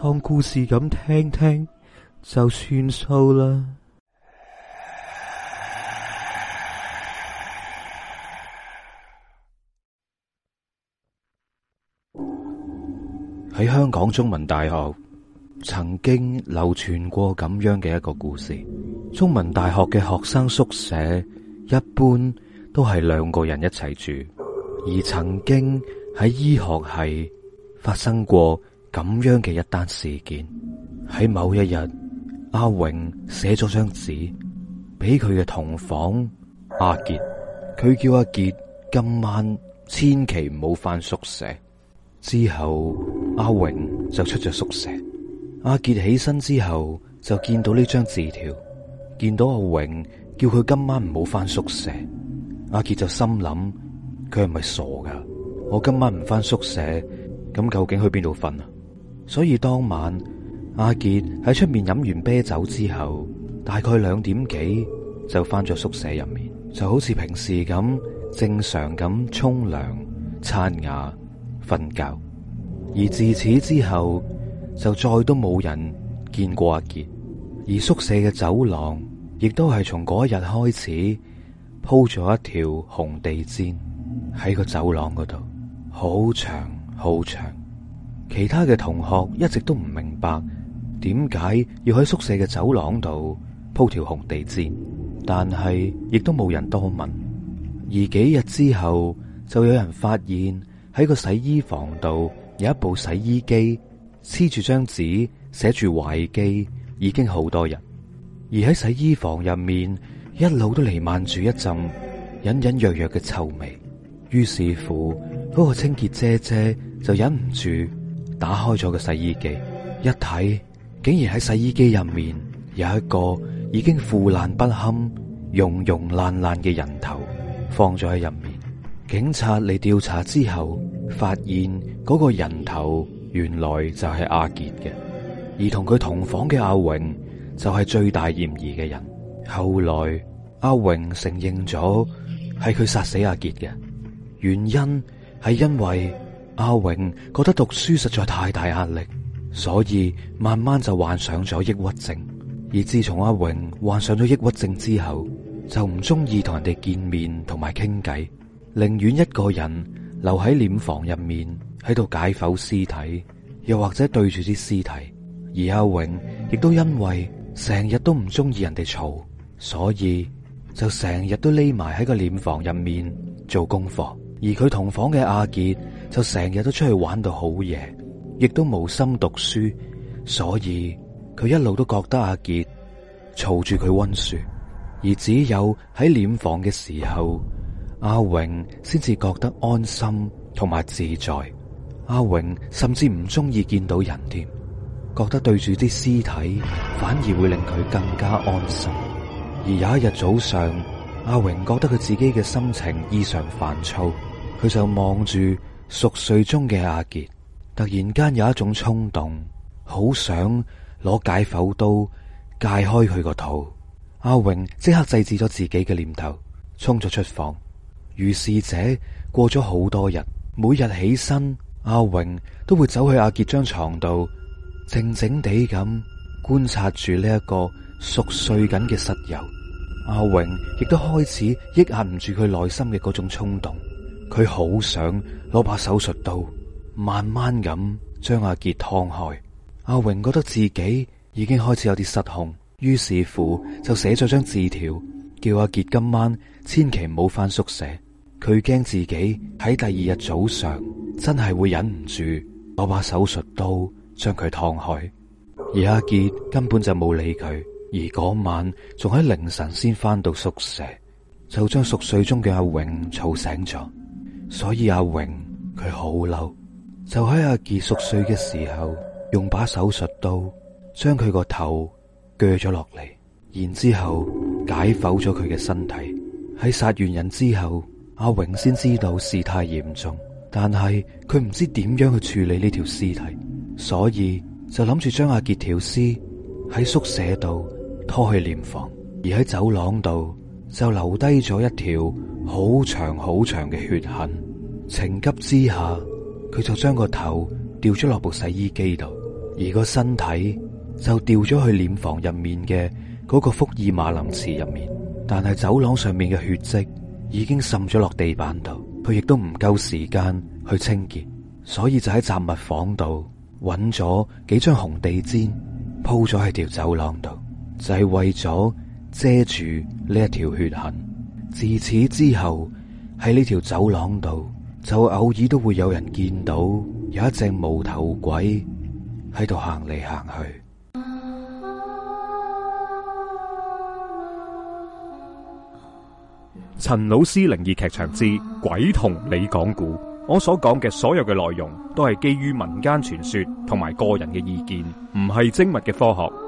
當故事咁聽聽就算數啦。喺香港中文大學，曾經流傳過咁樣嘅一個故事。中文大學嘅學生宿舍一般都係兩個人一齊住，而曾經喺醫學系發生過。咁樣嘅一單事件。喺某一日，阿榮寫咗張紙俾佢嘅同房阿傑，佢叫阿傑今晚千祈唔好翻宿舍。之後阿榮就出咗宿舍，阿傑起身之後就見到呢張字條，見到阿榮叫佢今晚唔好翻宿舍，阿傑就心諗，佢係咪傻噶？我今晚唔翻宿舍，咁究竟去邊度瞓啊？所以當晚，阿杰喺出面飲完啤酒之後，大概兩點幾就翻咗宿舍入面，就好似平時咁正常咁沖涼、擦牙、瞓覺。而自此之後，就再都冇人見過阿杰。而宿舍嘅走廊亦都係從嗰日開始鋪咗一條紅地氈喺個走廊嗰度，好長好長。其他嘅同學一直都唔明白點解要喺宿舍嘅走廊度鋪條紅地毯，但係亦都冇人多問。而幾日之後，就有人發現喺個洗衣房度有一部洗衣機黐住張紙，寫住壞機，已經好多人。而喺洗衣房入面，一路都彌漫住一陣隱隱約約嘅臭味。於是乎，嗰、那個清潔姐姐就忍唔住。打開咗個洗衣機，一睇竟然喺洗衣機入面有一個已經腐爛不堪、溶溶爛爛嘅人頭，放咗喺入面。警察嚟調查之後，發現嗰個人頭原來就係阿杰嘅，而同佢同房嘅阿榮就係最大嫌疑嘅人。後來阿榮承認咗係佢殺死阿杰嘅，原因係因為。阿榮覺得讀書實在太大壓力，所以慢慢就患上咗抑鬱症。而自從阿榮患上咗抑鬱症之後，就唔中意同人哋見面同埋傾偈，寧願一個人留喺殮房入面，喺度解剖屍體，又或者對住啲屍體。而阿榮亦都因為成日都唔中意人哋嘈，所以就成日都匿埋喺個殮房入面做功課。而佢同房嘅阿杰就成日都出去玩到好夜，亦都無心讀書，所以佢一路都覺得阿杰嘈住佢溫書，而只有喺殮房嘅時候，阿榮先至覺得安心同埋自在。阿榮甚至唔中意見到人添，覺得對住啲屍體反而會令佢更加安心。而有一日早上，阿榮覺得佢自己嘅心情異常煩躁。佢就望住熟睡中嘅阿杰，突然間有一種衝動，好想攞解剖刀解開佢個肚。阿榮即刻制止咗自己嘅念頭，衝咗出房。如是者過咗好多日，每日起身，阿榮都會走去阿杰張床度，靜靜地咁觀察住呢一個熟睡緊嘅室友。阿榮亦都開始抑壓唔住佢內心嘅嗰種衝動。佢好想攞把手術刀，慢慢咁將阿杰劏開。阿榮覺得自己已經開始有啲失控，於是乎就寫咗張字條，叫阿杰今晚千祈唔好翻宿舍。佢驚自己喺第二日早上真係會忍唔住攞把手術刀將佢劏開。而阿杰根本就冇理佢，而嗰晚仲喺凌晨先翻到宿舍，就將熟睡中嘅阿榮吵醒咗。所以阿榮佢好嬲，就喺阿杰熟睡嘅時候，用把手術刀將佢個頭鋸咗落嚟，然之後解剖咗佢嘅身體。喺殺完人之後，阿榮先知道事態嚴重，但係佢唔知點樣去處理呢條屍體，所以就諗住將阿杰條屍喺宿舍度拖去殮房，而喺走廊度。就留低咗一條好長好長嘅血痕，情急之下，佢就將個頭掉咗落部洗衣機度，而個身體就掉咗去殮房入面嘅嗰個福爾馬林池入面。但係走廊上面嘅血跡已經滲咗落地板度，佢亦都唔夠時間去清潔，所以就喺雜物房度揾咗幾張紅地氈鋪咗喺條走廊度，就係為咗。遮住呢一條血痕，自此之後喺呢條走廊度，就偶爾都會有人見到有一隻無頭鬼喺度行嚟行去。陳老師靈異劇場之「鬼同你講故」，我所講嘅所有嘅內容都係基於民間傳說同埋個人嘅意見，唔係精密嘅科學。